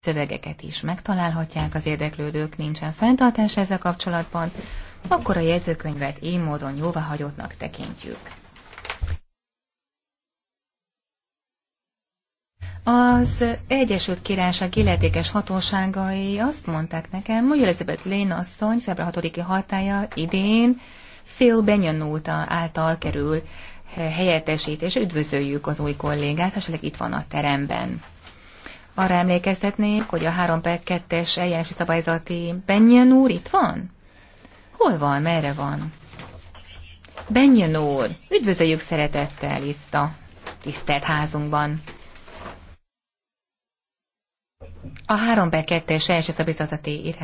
szövegeket is megtalálhatják az érdeklődők, nincsen fenntartás ezzel kapcsolatban, akkor a jegyzőkönyvet én módon jóváhagyottnak tekintjük. Az Egyesült Királyság illetékes hatóságai azt mondták nekem, hogy Elizabeth Lane asszony február 6-i hatája idén Phil Benyon által kerül helyettesítés. Üdvözöljük az új kollégát, esetleg itt van a teremben. Arra emlékeztetnék, hogy a 3 per 2-es eljárási szabályzati Benjen úr itt van? Hol van? Merre van? Benjen úr, üdvözöljük szeretettel itt a tisztelt házunkban. A 3 per 2-es első szabályzati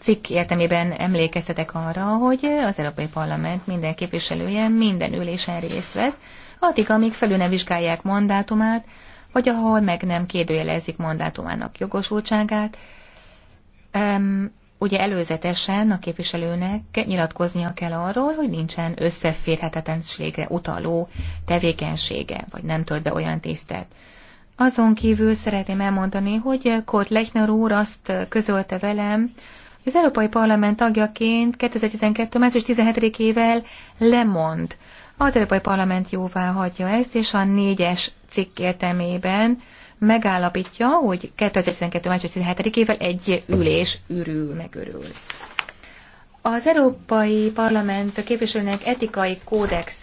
cikk értemében emlékeztetek arra, hogy az Európai Parlament minden képviselője minden ülésen részt vesz, addig, amíg felül nem vizsgálják mandátumát, vagy ahol meg nem kérdőjelezik mandátumának jogosultságát. Um, ugye előzetesen a képviselőnek nyilatkoznia kell arról, hogy nincsen összeférhetetlenségre utaló tevékenysége, vagy nem tölt be olyan tisztet. Azon kívül szeretném elmondani, hogy Kort Lechner úr azt közölte velem, az Európai Parlament tagjaként 2012. március 17-ével lemond. Az Európai Parlament jóvá hagyja ezt, és a négyes cikk értelmében megállapítja, hogy 2012. március 17-ével egy ülés ürül, megörül. Az Európai Parlament képviselőnek etikai kódex